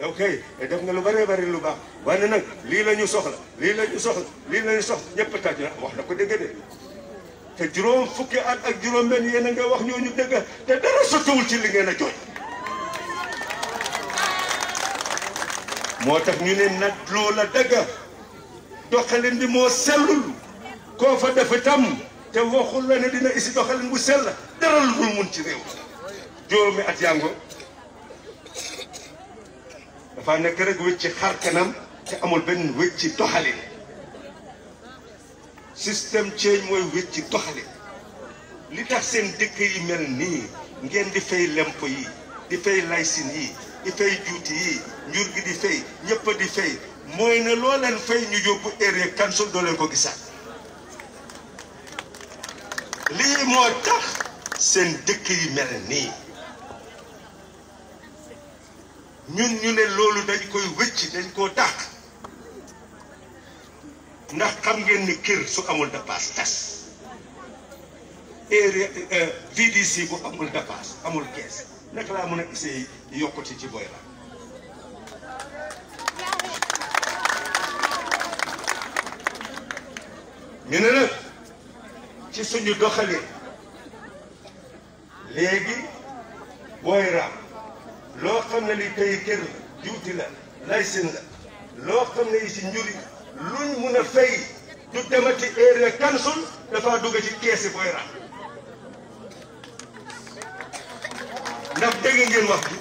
yow def nga lu bëree bëri lu baax waaye nag lii la ñu soxla lii la ñu soxla lii la ñu soxla ñëpp tàcc na wax na ko dëgg de te juróom fukki at ak juróom-benn yéen a nga wax ñu dëgg te dara sottiwul ci li ngeen a jooy. moo tax ñu ne nag loola dëgg doxalin bi moo sellul koo fa def te waxul la ne dina isi doxalin bu sell dara lu mun ci réew juróomi at yango dafa nekk rek wécc xar te amul benn wécc doxalin système change mooy wécc doxalin li tax seen dëkk yi mel nii ngeen di fay lemp yi di fay laysin yi di fay juuti yi njur gi di fay ñëpp di fay mooy ne loo leen ñu yóbbu erreur kansul doo leen ko gisaat lii moo tax seen dëkk yi mel nii ñun ñu ne loolu dañ koy wëcc dañ koo dàq ndax xam ngeen ni kër su amul dépasse tas et euh, VDC bu amul dépasse amul kees naka laa mën a essayer yokkute ci booy la ñu ne nag ci suñu doxalee léegi booy raam loo xam ne li tey kër la juuti la laysin la loo xam ne yi si njuri luñ mun a fay du demati area council dafa dugg ci keesi booy ndax dégg ngeen wax bi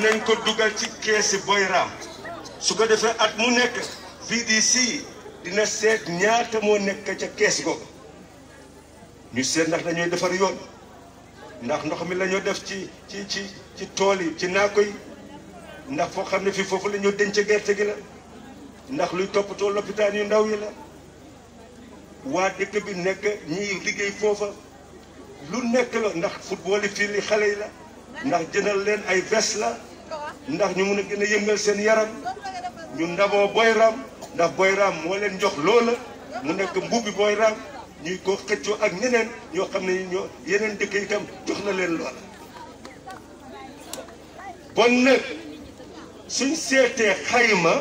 dinañ ko dugal ci keesi booy su ko defee at mu nekk VDC dina seet ñaata moo nekk ca kees googu ñu seet ndax dañooy defar yoon ndax ndox mi lañoo ñu def ci ci ci ci tool yi ci naako yi ndax foo xam ne fii foofu la ñu denc gerte gi la ndax luy toppatoo lopitaan yu ndaw yi la waa dëkk bi nekk ñuy liggéey foofa lu nekk la ndax football yi fii li xale yi la ndax jëndal leen ay ves la ndax ñu mun a gën a yëngal seen yaram ñu ndamoo boy raam ndax boy raam moo leen jox loola mu nekk mbubbi boy raam ñuy ko xëccoo ak ñeneen ñoo xam ne ñoo yeneen dëkk itam jox na leen loola bon nag suñ seetee xayma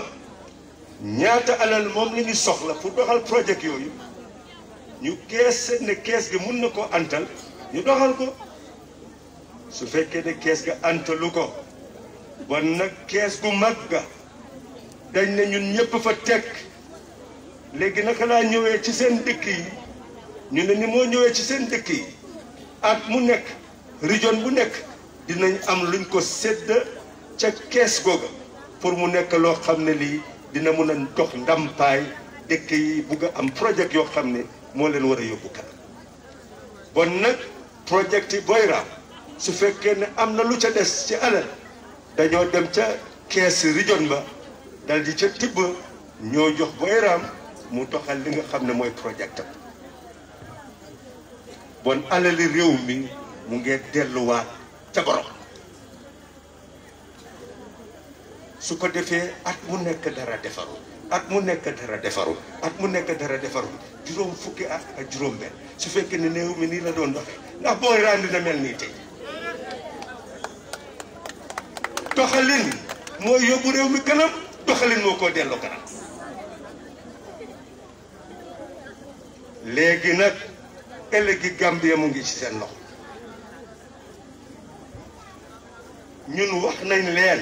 ñaata alal moom la ñu soxla pour doxal projet yooyu ñu kees ne kees gi mun na ko antal ñu doxal ko su fekkee ne kees ga antalu ko wan nag kees gu mag ga dañ ne ñun ñëpp fa tekk léegi naka laa ñëwee ci seen dëkk yi ñu ne ni moo ñëwee ci seen dëkk yi at mu nekk région bu nekk dinañ am luñ ko sedd ca kees googa pour mu nekk loo xam ne lii dina mën a dox ndàmpaay dëkk yi bugg a am projet yoo xam ne moo leen war a yóbbu kanam bon nag projet yi su fekkee ne am na lu ca des ci alal dañoo dem ca kees région ba dal di ca tibb ñoo jox booy raam mu doxal li nga xam ne mooy projet am bon alali réew mi mu ngi delluwaat ca borom su ko defee at mu nekk dara defaru at mu nekk dara defaru at mu nekk dara defaru juróom fukki at ak juróom benn su fekkee ne néew mi nii la doon doxee ndax booy rànd mel nii tey doxalin mooy yóbbu réew mi kanam doxalin moo koo delloo kanam léegi nag ëllëgi Gambie mu ngi ci seen loxo ñun wax nañ leen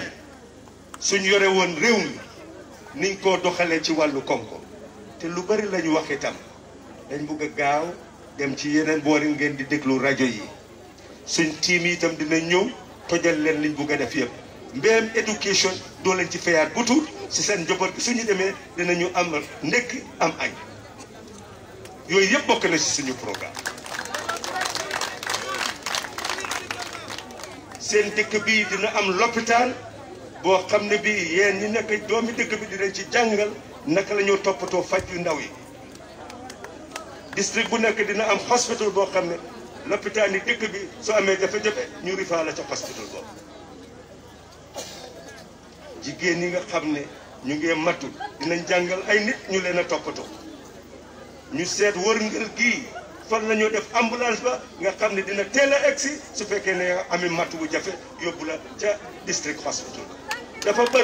suñ yore woon réew mi niñ koo doxalee ci wàllu koom-koom te lu bari lañu wax itam dañ bugg a gaaw dem ci yeneen boori ngeen di déglu rajo yi suñ tiim yi itam dina ñëw tojal leen liñ bugg a def yëpp mbéyam éducation doo leen ci fayaat bu ci seen njaboot gi suñu demee dinañu am ndekki am añ yooyu yëpp bokk na ci suñu programme seen dëkk bi dina am loppitaan boo xam ne bii yéen ñi nekk doomi dëkk bi dinañ ci jàngal naka la toppatoo faj yu ndaw yi district bu nekk dina am hospital boo xam ne lopitaan yi dëkk bi soo amee jafe-jafe ñu rifaa la ca hospital boobu jigéen ñi nga xam ne ñu ngee matul dinañ jàngal ay nit ñu leen a toppatoo ñu seet wërngël gii fan la ñoo def ambulance ba nga xam ne dina teel a egsi su fekkee ne amee matt bu jafe yóbbu la ca district hospital dafa bëri